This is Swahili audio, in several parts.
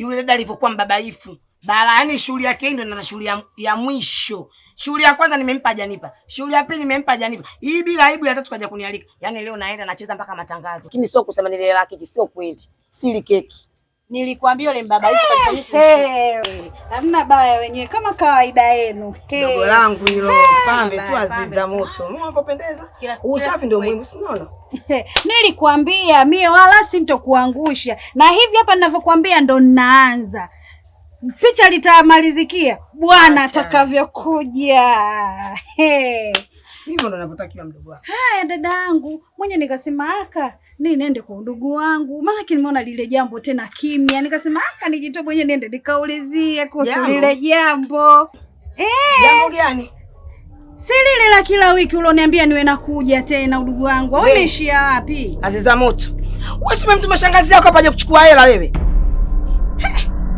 yule dada alivyokuwa mbabaifu bala, yani shughuli yake ndio na shughuli ya, ya mwisho. Shughuli ya kwanza nimempa janipa, shughuli ya pili nimempa janipa, hii bila aibu ya tatu kaja kunialika. Yani leo naenda nacheza mpaka matangazo, lakini sio kusema nilelakiki, sio kweli, sili keki nilikuambia ule mbabaisho hey, hamna baya wenyewe kama kawaida yenu. Dogo langu hilo pambe tu aziza moto. Mnapopendeza. Usafi ndio muhimu, si unaona? Nilikwambia mie wala mtokuangusha. Na hivi hapa ninavyokuambia ndo ninaanza. Picha litamalizikia Bwana atakavyokuja. Hey hivyo ndo navyotakiwa mdogo wangu. Haya dadangu, mwenye nikasema aka ni nende kwa ndugu wangu, maana nimeona lile jambo tena kimya, nikasema aka nijitoe mwenye niende nikaulizie kuhusu lile jambo. Eh, jambo gani? Si lile la kila wiki uloniambia niwe nakuja tena, udugu wangu, au umeishia wapi? Aziza moto, wewe si umemtuma shangazi yako hapa aje kuchukua hela wewe?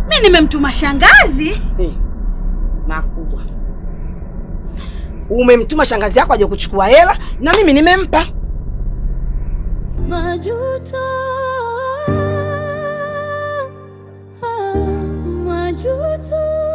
Mimi nimemtuma shangazi hey. Eh. Umemtuma shangazi yako aje kuchukua hela na mimi nimempa. Majuto, ah, majuto.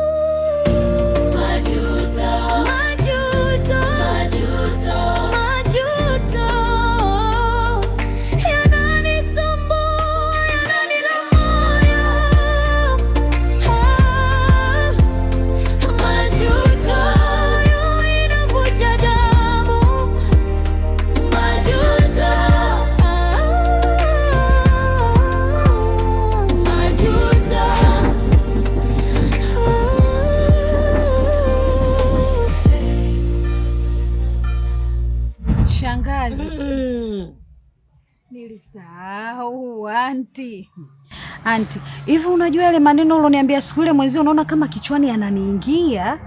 anti, hivi unajua yale maneno uloniambia siku ile mwenzio, unaona kama kichwani yananiingia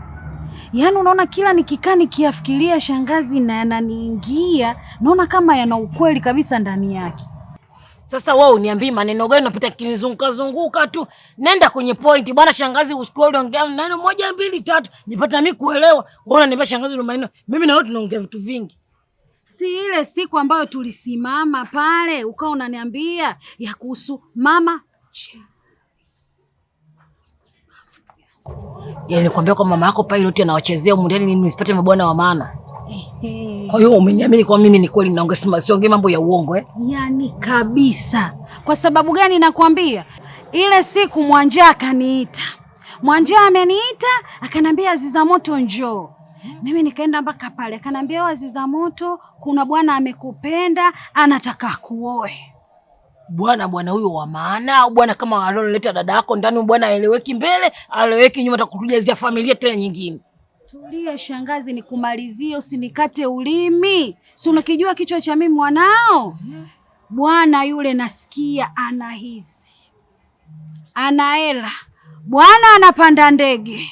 yaani unaona kila nikikaa nikiyafikiria shangazi, na yananiingia, naona kama yana ukweli kabisa ndani yake. Sasa wewe uniambie maneno gani? Unapita kinizunguka zunguka tu, nenda kwenye pointi bwana. Shangazi, usikue uliongea neno moja mbili tatu, nipata mimi kuelewa. Wewe unaniambia shangazi ndio maneno, mimi na wewe tunaongea vitu vingi si ile siku ambayo tulisimama pale ukawa unaniambia ya kuhusu mama ya yaani nilikwambia kwa mama yako pilot anawachezea huko ndani, mimi nisipate mabwana wa maana. Kwa hiyo umeniamini kwa mimi ni kweli, naongea siongee mambo ya uongo eh? Yaani kabisa. Kwa sababu gani? Nakwambia ile siku mwanjaa akaniita, Mwanja ameniita akanambia, Aziza moto njoo Mm. Mimi nikaenda mpaka pale, akaniambia wazi za moto, kuna bwana amekupenda anataka kuoe. Bwana bwana huyo wa maana au bwana kama alioleta dada yako ndani? Bwana aeleweki mbele, aeleweki nyuma, atakutujazia familia tena nyingine. Tulie shangazi, nikumalizie, usinikate ulimi. Si unakijua kichwa cha mimi mwanao? Mm. Bwana yule nasikia ana hizi, ana hela, bwana anapanda ndege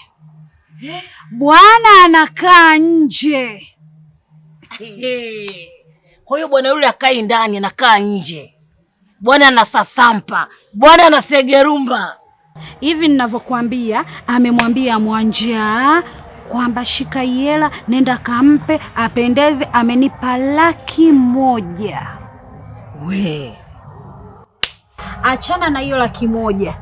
bwana anakaa nje. Kwa hiyo bwana yule akai ndani, anakaa nje. Bwana anasasampa, bwana anasegerumba hivi ninavyokuambia. Amemwambia Mwanjaa kwamba shika hela, nenda kampe apendeze. Amenipa laki moja. We achana na hiyo laki moja,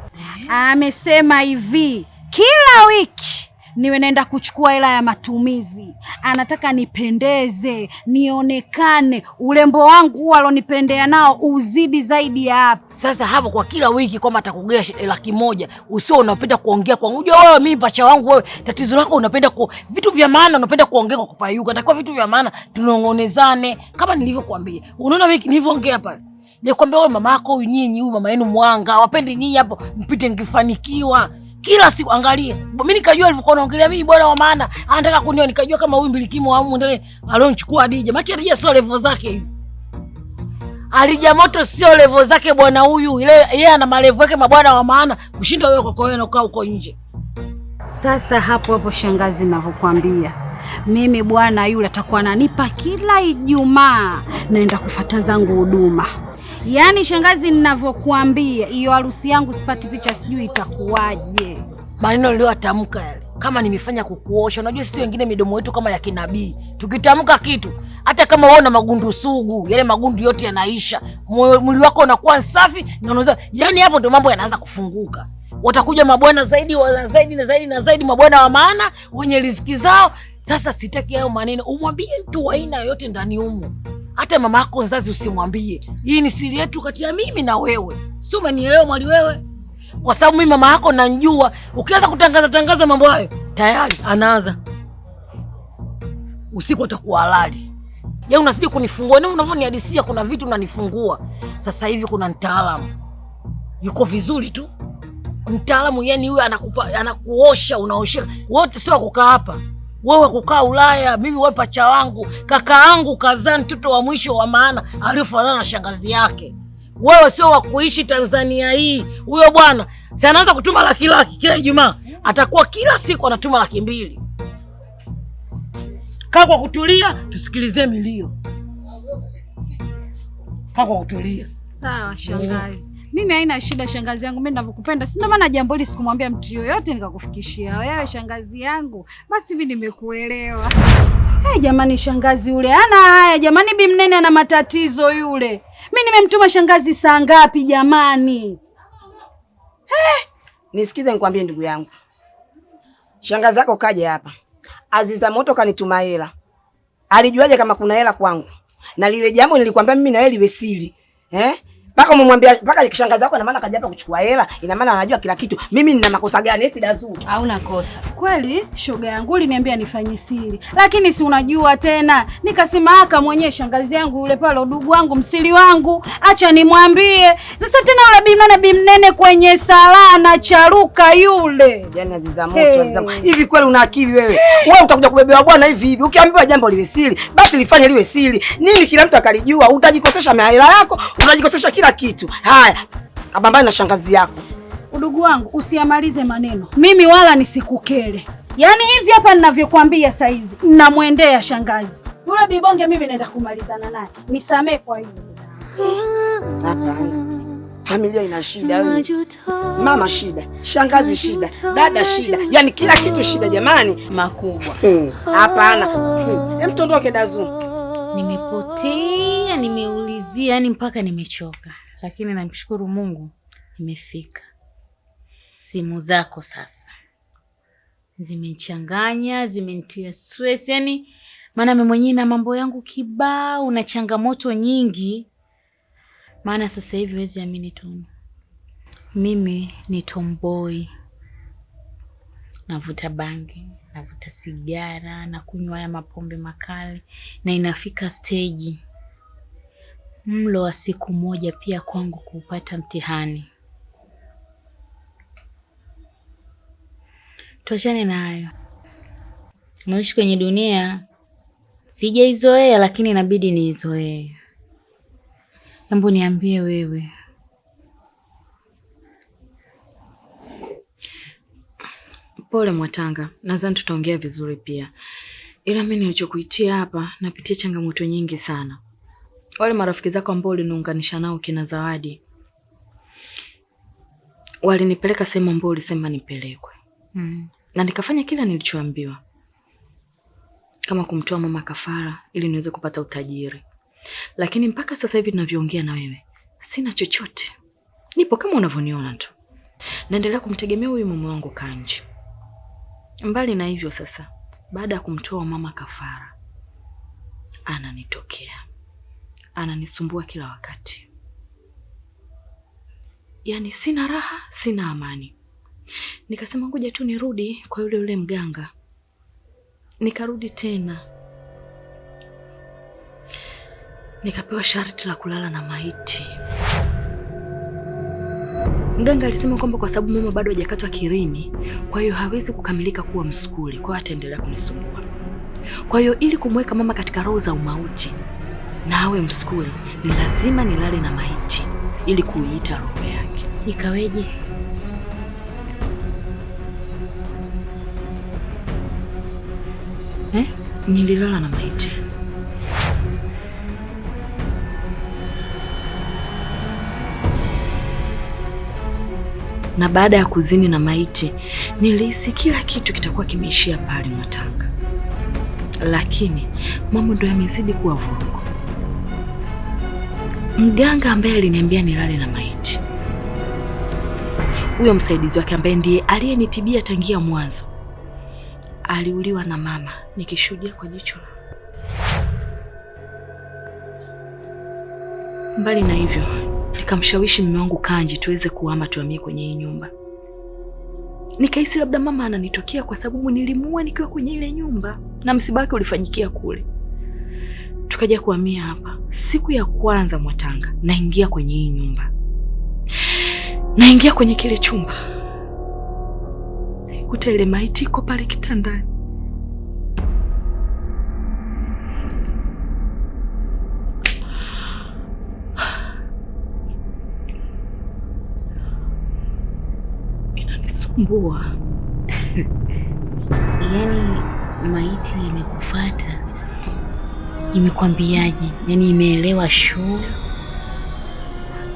amesema hivi kila wiki niwe naenda kuchukua hela ya matumizi, anataka nipendeze, nionekane, urembo wangu huo alonipendea nao uzidi zaidi ya hapo. Sasa hapo kwa kila wiki kwamba atakugea laki moja, usio unapenda kuongea kwa unajua, wewe mimi pacha wangu, wewe tatizo lako unapenda ku vitu vya maana, unapenda kuongea kwa kupayuka. natakiwa vitu vya maana tunongonezane, kama nilivyokuambia. Unaona wiki nilivyoongea pale nikwambia, wewe mama yako huyu, nyinyi huyu mama yenu Mwanga wapendi nyinyi, hapo mpite ngifanikiwa kila siku angalia. Mimi nikajua alivyokuwa anaongelea mimi bwana wa maana, anataka kunioa, nikajua kama huyu mbilikimo wa au mwendele alionchukua Adija. Maki Adija sio level zake hizi. Alija moto sio level zake bwana huyu. Ile yeye ana malevo yake mabwana wa maana kushinda wewe kwa wewe unakaa huko nje. Sasa hapo hapo shangazi ninavyokuambia. Mimi bwana yule atakuwa ananipa kila Ijumaa naenda kufata zangu huduma. Yaani shangazi, ninavyokuambia hiyo harusi yangu sipati picha, sijui itakuwaje. Maneno niliyotamka yale, kama nimefanya kukuosha. Unajua sisi wengine midomo yetu kama ya kinabii, tukitamka kitu hata kama wewe una magundu sugu, yale magundu yote yanaisha, mwili wako unakuwa safi na unaweza yani hapo ndio mambo yanaanza kufunguka. Watakuja mabwana zaidi wa zaidi na zaidi na zaidi, mabwana wa maana wenye riziki zao. Sasa sitaki hayo maneno, umwambie mtu wa aina yoyote ndani humo hata mama yako mzazi usimwambie. Hii ni siri yetu kati ya mimi na wewe, si umenielewa mwali wewe? Kwa sababu mimi mama yako nanjua, ukianza kutangaza tangaza mambo hayo tayari anaanza usiku, atakuwa halali. Yaani unazidi kunifungua, ni unavyonihadisia, kuna vitu unanifungua. Sasa hivi kuna mtaalamu yuko vizuri tu, mtaalamu yani huyo anakupa, anakuosha, unaosha wote, sio kukaa hapa wewe kukaa Ulaya, mimi we pacha wangu, kaka yangu kazaa, mtoto wa mwisho wa maana aliyofanana na shangazi yake. Wewe sio wa kuishi Tanzania hii. Huyo bwana si anaanza kutuma laki laki kila Ijumaa, atakuwa kila siku anatuma laki mbili. Kaa kwa kutulia, tusikilize milio. Kaa kwa kutulia. Sawa shangazi. Mimi haina shida, shangazi yangu, mimi ninavyokupenda. Si ndio maana jambo hili sikumwambia mtu yoyote nikakufikishia wewe, shangazi yangu. Basi mimi nimekuelewa. Eh, Hey, jamani, shangazi yule ana haya jamani, bi mnene ana matatizo yule. Mimi nimemtuma shangazi saa ngapi jamani? Hey. Nisikize nikwambie ndugu yangu, shangazi yako kaje hapa, Aziza Moto kanituma hela. Alijuaje kama kuna hela kwangu? Na lile jambo nilikwambia mimi na yeye liwe siri eh? Mpaka umemwambia mpaka kishangazi yako ina maana kaja hapa kuchukua hela, ina maana anajua kila kitu. Mimi nina makosa gani eti Dazu? Hauna kosa. Kweli shoga yangu uliniambia nifanye siri. Lakini si unajua tena. Nikasema aka ah, mwenyewe shangazi yangu yule pale udugu wangu msili wangu, acha nimwambie. Sasa tena yule bimnene bimnene kwenye sala na charuka yule. yani aziza moto, hey. Aziza moto. Hivi kweli una akili wewe? Wewe utakuja kubebewa bwana hivi hivi. Ukiambiwa jambo liwe siri, basi lifanye liwe siri. Nini kila mtu akalijua, utajikosesha mahela yako, utajikosesha kila kila kitu. Haya, kabambani na shangazi yako. Udugu wangu usiamalize maneno, mimi wala nisikukere. Yaani hivi hapa ninavyokuambia saizi namwendea shangazi yule bibonge, mimi naenda kumalizana naye, nisamee kwa hiyo. familia ina shida, mama shida, shangazi shida, dada shida, yani kila kitu shida jamani, makubwa. Hmm. Hapana, hmm. hmm. Emtondoke dazu, nimepotea nime kuzungumzia yani mpaka nimechoka, lakini namshukuru Mungu nimefika. Simu zako sasa zimenichanganya, zimenitia stress yani, maana mimi mwenyewe na mambo yangu kibao na changamoto nyingi, maana sasa hivi huwezi amini tu, mimi ni tomboy, navuta bangi navuta sigara na kunywa haya mapombe makali, na inafika stage mlo wa siku moja pia kwangu kupata mtihani. Tuachane na hayo, naishi kwenye dunia sijaizoea, lakini inabidi niizoee. Hebu niambie wewe, pole Mwatanga, nadhani tutaongea vizuri pia, ila mimi nilichokuitia hapa napitia changamoto nyingi sana wale marafiki zako ambao uliniunganisha nao kina Zawadi walinipeleka sehemu ambayo ulisema nipelekwe mm. na nikafanya kila nilichoambiwa, kama kumtoa mama kafara ili niweze kupata utajiri, lakini mpaka sasa hivi ninavyoongea na wewe sina chochote, nipo kama unavyoniona tu, naendelea kumtegemea huyu mume wangu Kanji. Mbali na hivyo sasa, baada ya kumtoa mama kafara, ananitokea ananisumbua kila wakati, yaani sina raha, sina amani. Nikasema ngoja tu nirudi kwa yule yule mganga. Nikarudi tena nikapewa sharti la kulala na maiti. Mganga alisema kwamba kwa sababu mama bado hajakatwa kirimi, kwa hiyo hawezi kukamilika kuwa msukuli, kwa hiyo ataendelea kunisumbua. Kwa hiyo ili kumweka mama katika roho za umauti, na awe mskuli ni lazima nilale na maiti ili kuiita roho yake. Ikaweje? Eh, nililala na maiti. Na baada ya kuzini na maiti, nilihisi kila kitu kitakuwa kimeishia pale Matanga, lakini mambo ndo yamezidi kuwa vurugu mganga ambaye aliniambia nilale na maiti, huyo msaidizi wake ambaye ndiye aliyenitibia tangia mwanzo, aliuliwa na mama nikishuhudia kwa jicho. Mbali na hivyo, nikamshawishi mume wangu Kanji tuweze kuhama tuhamie kwenye hii nyumba. Nikahisi labda mama ananitokea kwa sababu nilimuua nikiwa kwenye ile nyumba na msiba wake ulifanyikia kule tukaja kuhamia hapa. Siku ya kwanza Mwatanga, naingia kwenye hii nyumba, naingia kwenye kile chumba, naikuta ile maiti iko pale kitandani. Inanisumbua. Yaani maiti imekufata imekwambiaje? Yaani imeelewa shuu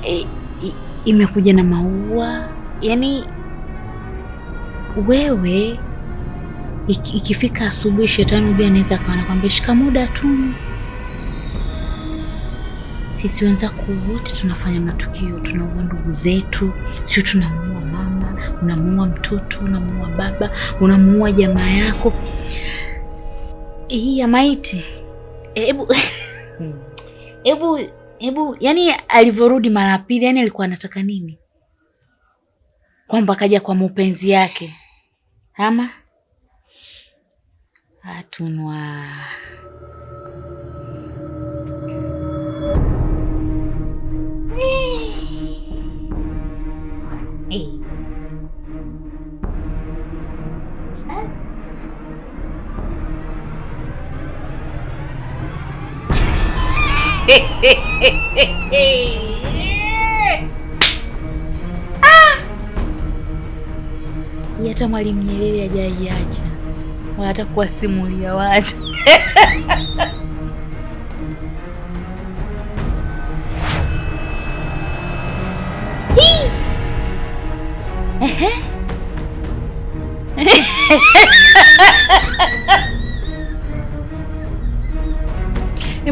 e, imekuja na maua yaani wewe ikifika asubuhi shetani ujua anaweza kawa nakwambia shika muda tu. Sisi wenzako wote tunafanya matukio, tunaua ndugu zetu, sio? Tunamuua mama, unamuua mtoto, unamuua baba, unamuua jamaa yako hii ya maiti hebu eh, hebu hmm. hebu, yani alivyorudi mara pili, yani alikuwa anataka nini? Kwamba kaja kwa mupenzi yake ama atunwa Ah! hata Mwalimu Nyerere hajaiacha wala hata kuwasimulia watu.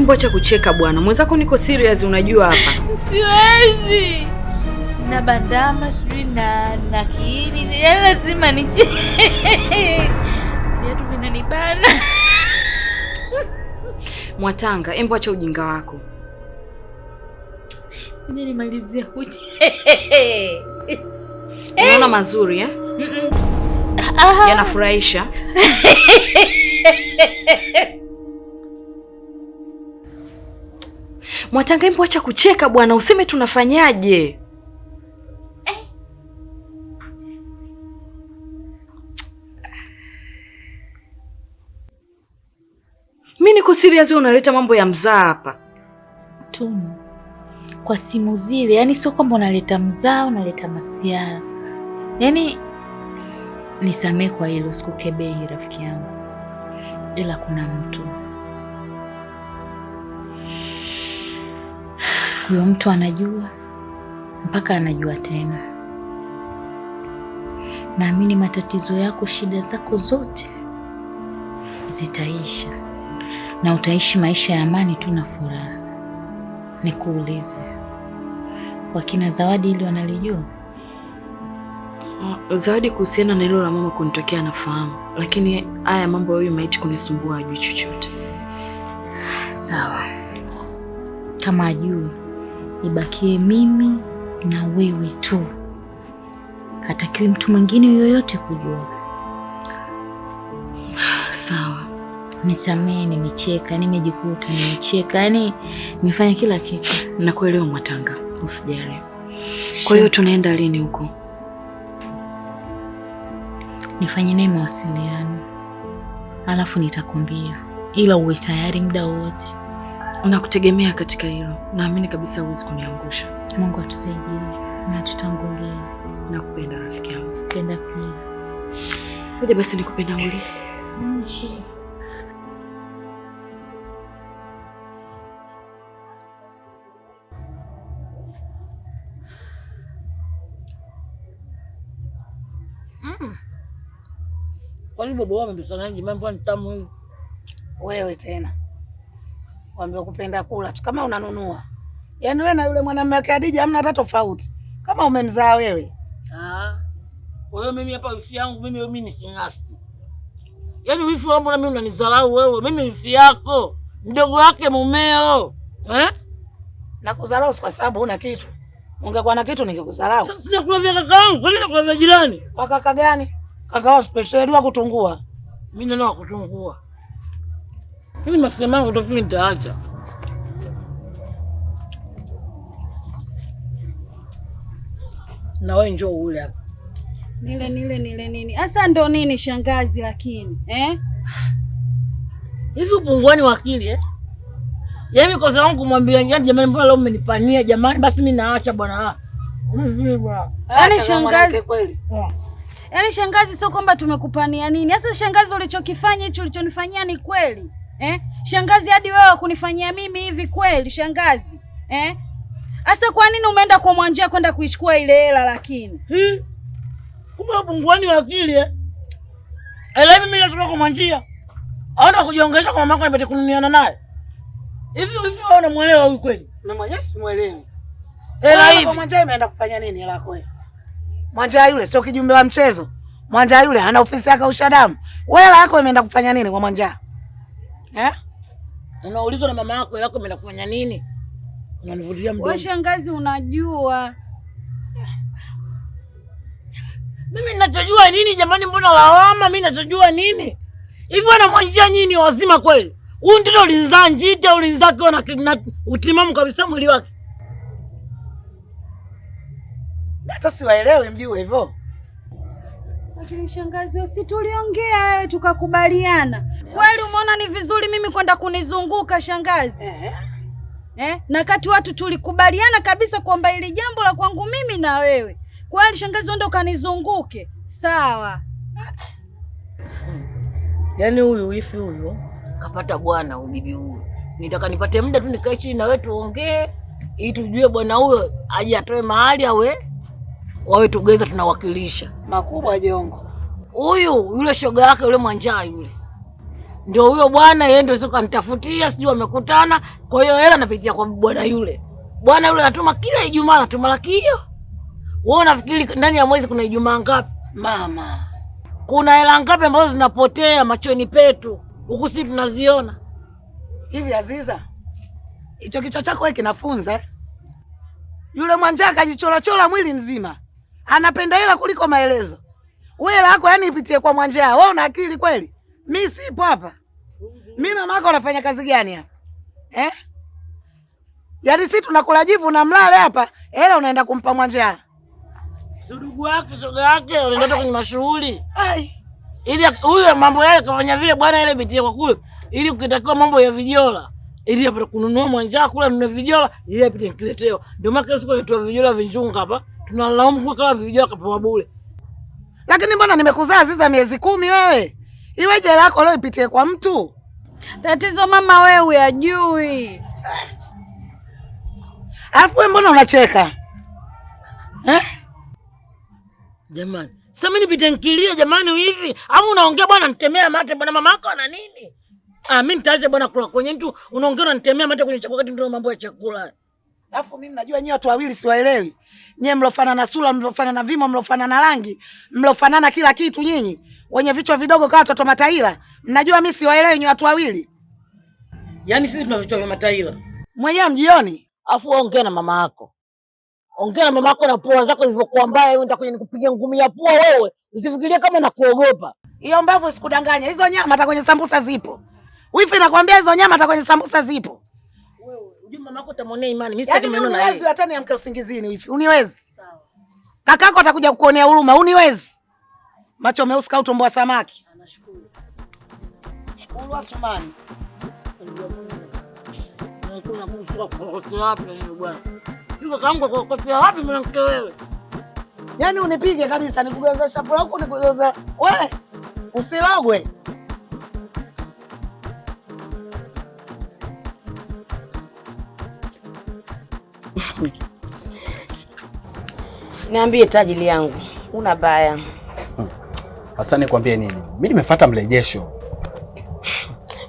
Hebu acha kucheka bwana, mwenzako niko serious, unajua hapa. Siwezi na bandama sijui na na kiini, lazima niche viatu vinanibana. Mwatanga, embo acha ujinga wako, nimalizia kuche Unaona mazuri eh? Yanafurahisha Mwatanga mbu, acha kucheka bwana, useme tunafanyaje? mi Mimi niko serious, wewe unaleta mambo ya mzaa hapa. Tumu. Kwa simu zile, yani sio kwamba unaleta mzaa, unaleta masiara. Yaani nisamee kwa hilo, sikukebei rafiki yangu. Ila kuna mtu huyo mtu anajua mpaka anajua tena. Naamini matatizo yako, shida zako zote zitaisha na utaishi maisha ya amani tu na furaha. Nikuulize, wakina Zawadi ili wanalijua ah, Zawadi kuhusiana na hilo la mama kunitokea, nafahamu, lakini haya mambo ya huyu maiti kunisumbua, ajui chochote. Sawa, kama ajui ibakie mimi na wewe tu, hatakiwi mtu mwingine yoyote kujua. Sawa, nisamee nimecheka, nimejikuta nimecheka, yaani nimefanya kila kitu. Nakuelewa Mwatanga, usijali. Kwa hiyo tunaenda lini huko? Nifanye naye mawasiliano alafu nitakwambia, ila uwe tayari muda wowote. Nakutegemea katika hilo, naamini kabisa huwezi kuniangusha. Mungu atusaidie na tutangulie. Nakupenda rafiki yangu. Penda pia. Ngoja basi nikupendangulie. Mm. Kwani baba wamebisanaji mambo ni tamu hivi? Wewe tena Wambia kupenda kula tu kama unanunua. Yaani wewe na yule mwanamume wa Khadija hamna hata tofauti. Kama umemzaa wewe. Ah. Kwa hiyo mimi hapa wifi yangu mimi mimi ni kinasti. Yaani wifi wangu na mimi unanizalau wewe. Mimi wifi yako, mdogo wake mumeo. Eh? Na kuzalau kwa sababu una kitu. Ungekuwa na kitu ningekuzalau. Sasa nakula vya kaka yangu, kwani nakula vya jirani? Kwa kaka gani? Kaka wao special wa kutungua. Mimi ndio wa kutungua. Mimi masema yangu ndio vile nitaacha. Na wewe njoo ule hapa. Nile nile nile nini? Asa ndo nini shangazi lakini, eh? Hivi upungwani wa akili eh? Yaani mikosa wangu kumwambia nyani jamani mbona leo umenipania jamani basi mimi naacha bwana. Hivi Yaani shangazi kweli. Ah. Yaani shangazi, sio kwamba tumekupania nini. Sasa shangazi, ulichokifanya hicho ulichonifanyia ni kweli eh? Shangazi, hadi wewe kunifanyia mimi hivi kweli shangazi eh? Asa, kwa nini umeenda kwa Mwanjia kwenda kuichukua ile hela lakini? Hmm. Kumbe punguani wa akili eh? Ela mimi natoka kwa Mwanjia. Aona kujiongeza kwa mamako nipate kununiana naye. Hivi hivi wewe unamuelewa huyu kweli? Na Mwanjia simuelewi. Ela hivi. Kwa Mwanjia imeenda kufanya nini hela kwa wewe? Mwanjia yule sio kijumbe wa mchezo. Mwanjia yule hana ofisi yake ushadamu. Wewe hela yako imeenda kufanya nini kwa Mwanjia? Eh? Unaulizwa na mama yako yako imenakufanya nini? Unanivutia mdomo. Wewe shangazi unajua. Mimi ninachojua nini jamani, mbona lawama? Mimi ninachojua nini? Hivi wanamwanjia nini wazima kweli? Huyu ndio ulinzaa njiti au ulinzaa kiwa na utimamu kabisa mwili wake. Hata siwaelewi mjue hivyo. Lakini shangazi, si tuliongea wewe eh, tukakubaliana kweli? Umeona ni vizuri mimi kwenda kunizunguka shangazi eh? Eh? na kati watu tulikubaliana kabisa kwamba ili jambo la kwangu mimi na wewe kweli, shangazi, uende ukanizunguke sawa. Hmm. Yaani huyu wifi huyo kapata bwana ubibi huyo, nitaka nipate muda tu nikae chini na wewe tuongee, ili tujue bwana huyo aje atoe mahali awe wawe tugeza tunawakilisha makubwa Jongo. Huyu yule shoga yake yule Mwanjaa yule ndio huyo bwana, yeye ndio kanitafutia, sijui wamekutana. Kwa hiyo hela napitia kwa bwana yule. Bwana yule anatuma kila Ijumaa, anatuma laki hiyo. Wewe unafikiri ndani ya mwezi kuna Ijumaa ngapi mama? Kuna hela ngapi ambazo zinapotea machoni petu huku, si tunaziona hivi? Aziza, hicho kichwa chako kinafunza. Yule Mwanjaa kajichorachora mwili mzima anapenda hela kuliko maelezo. Wewe lako yani ipitie kwa Mwanjaa. Wewe una akili kweli? Mimi sipo hapa. Mimi mama yako anafanya kazi gani hapa? Eh? Yaani sisi tunakula jivu na mlale hapa, hela unaenda kumpa Mwanjaa. Sudugu wako shoga yake unaenda kwenye mashughuli. Ai. Ili huyo mambo yale kafanya vile bwana ile bitie kwa kule. Ili ukitakiwa mambo ya vijola. Ili hapa kununua Mwanjaa kula nunua vijola, ili apite kileteo. Ndio maana kesho kuletwa vijola vinjunga hapa tunalaumu kama vijana kapewa bure. Lakini mbona nimekuzaa ziza miezi kumi wewe? Iwe jela yako leo ipitie kwa mtu? Tatizo mama wewe uyajui. Alafu wewe mbona unacheka? Eh? Jamani, sasa mimi nipite nkilie jamani hivi? Au unaongea bwana nitemea mate bwana mama yako ana nini? Ah, mimi nitaacha bwana kula kwenye mtu unaongea unanitemea mate kwenye chakula kati ndio mambo ya chakula. Alafu mimi najua nyinyi watu wawili siwaelewi. Nyinyi mlofanana sura, mlofanana vimo, mlofanana rangi, mlofanana kila kitu nyinyi. Wenye vichwa vidogo kama watoto mataila. Mnajua mimi siwaelewi nyinyi watu wawili. Yaani sisi tuna vichwa vya mataila. Mwenyewe mjioni. Alafu ongea na mama yako. Ongea na mama yako na pua zako zilivyokuwa mbaya, wewe nitakuja nikupigia ngumi ya pua wewe. Usifikirie kama nakuogopa. Hiyo mbavu sikudanganya. Hizo nyama hata kwenye sambusa zipo. Wifi nakwambia hizo nyama hata kwenye sambusa zipo. Unajua mama yako imani. Mimi yaani hata niamke usingizini hivi. Uniwezi. Sawa. Kakako atakuja kukuonea huruma. Uniwezi. Macho meusi kama utumbo wa samaki. Anashukuru. Shukuru Asumani. Yaani unipige kabisa nikugeuza shapo lako nikugeuza. Wewe usilogwe. Niambie tajili yangu, una baya hmm. hasa? Nikwambie nini? Mimi nimefuata mrejesho.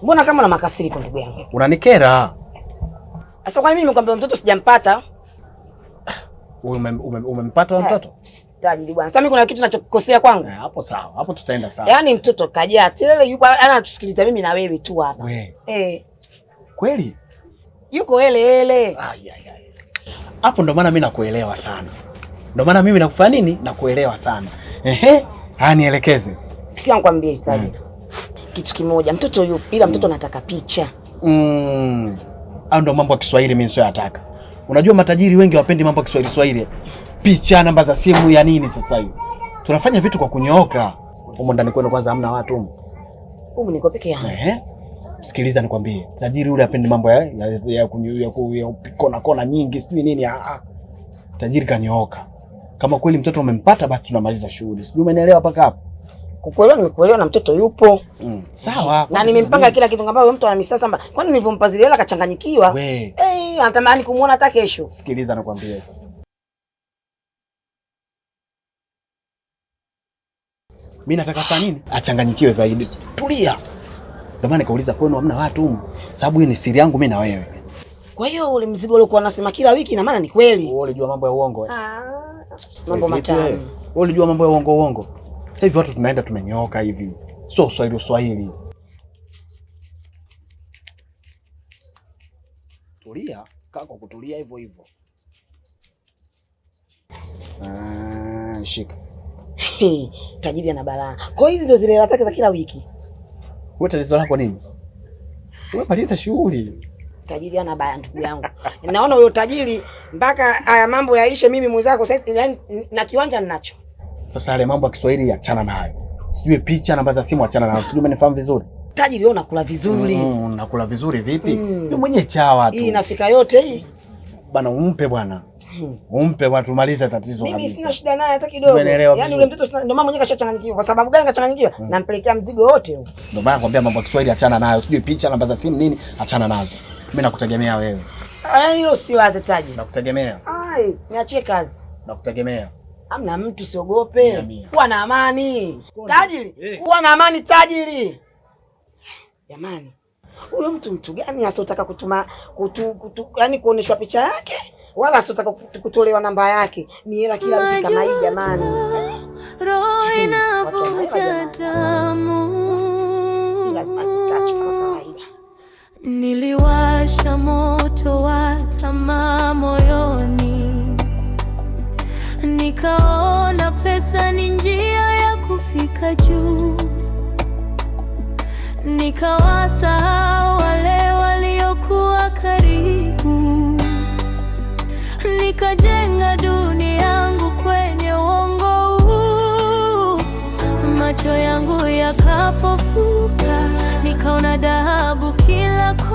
Mbona kama una kwa ndugu yangu? Unanikera. Sasa kwa nini nimekwambia mtoto sijampata? Umempata eh, mtoto? Tajili bwana. Sasa mimi kuna kitu ninachokosea kwangu? Eh, Hapo sawa. Hapo tutaenda sawa. Yaani mtoto kaja tele yupo ana tusikiliza mimi na wewe tu hapa. We. Eh. Kweli? Yuko ele ele. Ai ai ai. Hapo ndo maana mimi nakuelewa sana. Ndio maana mimi nakufanya nini, nakuelewa sana. Ehe, haya nielekeze. Sikia nikwambie Said. Mm. Kitu kimoja, mtoto yupo ila mtoto hmm. anataka picha. Mm. Au ndio mambo ya Kiswahili mimi sio yataka. Unajua matajiri wengi hawapendi mambo ya Kiswahili Kiswahili, Picha, namba za simu ya nini sasa hiyo? Tunafanya vitu kwa kunyooka. Huko ndani kwenu kwanza hamna watu huko. Huko niko peke yangu. Ehe. Sikiliza nikwambie, tajiri yule hapendi mambo ya ya, ya, ya, ya, ya, ya, ya kona kona nyingi, sijui nini. Ah, ah. tajiri kanyooka. Kama kweli mtoto amempata, basi tunamaliza shughuli. Sijui umenielewa mpaka hapo? Kukuelewa nimekuelewa, na mtoto yupo mm. Sawa, na nimempanga kila kitu, ambayo mtu ana misasa. Kwani nilivyompa zile hela akachanganyikiwa? eh, hey, anatamani kumuona hata kesho. Sikiliza, nakwambia sasa Mi nataka fanya nini? Achanganyikiwe zaidi. Tulia. Ndio maana nikauliza kwenu hamna watu huko. Sababu hii ni siri yangu mimi na wewe. Kwa hiyo ule mzigo uliokuwa unasema kila wiki ina maana ni kweli. Wewe unajua mambo ya uongo. Ah mambo matamu. Ulijua mambo ya uongo uongo. Sasa hivi watu tunaenda tumenyoka hivi, sio swahili uswahili. Tulia kaka, kutulia hivyo hivyo. Ah, shika tajiri ana balaa. Kwa hiyo hizi ndio zile hela zake za kila wiki. Wewe tatizo lako nini? maliza shughuli tajiri ana baya, ndugu yangu. Naona huyo tajiri mpaka haya mambo yaishe, mimi mwenzako sasa, yaani na kiwanja ninacho. Sasa yale mambo ya Kiswahili achana nayo, sijui picha, namba za simu achana nayo, sijui umenifahamu vizuri. Tajiri wewe unakula vizuri. Mm, mm unakula vizuri vipi? Mm. Ni mwenye chawa tu. Hii inafika yote hii bana, umpe bwana hmm. Umpe watu maliza tatizo kabisa. Mimi sina shida naye hata kidogo. Yaani yule mtoto ndio mama mwenyewe kashachanganyikiwa. Kwa sababu gani kachanganyikiwa? Hmm. Nampelekea mzigo wote huo. Ndio maana nakwambia mambo ya Kiswahili achana nayo. Sijui picha, namba za simu nini, achana nazo. Mimi nakutegemea wewe. Ah, Hilo siwaze Taji. Nakutegemea. Ai, niachie kazi. Nakutegemea. Amna mtu, siogope. Kuwa na amani. Tajiri, eh. Kuwa na amani tajiri. Jamani. Huyo mtu mtu gani asotaka kutuma kutu, kutu, yani kuoneshwa picha yake wala asotaka kutolewa namba yake. Miela kila mtu kama hii jamani. Roho hmm, inavuja damu. Niliwasha moto wa tamaa moyoni, nikaona pesa ni njia ya kufika juu, nikawasa kila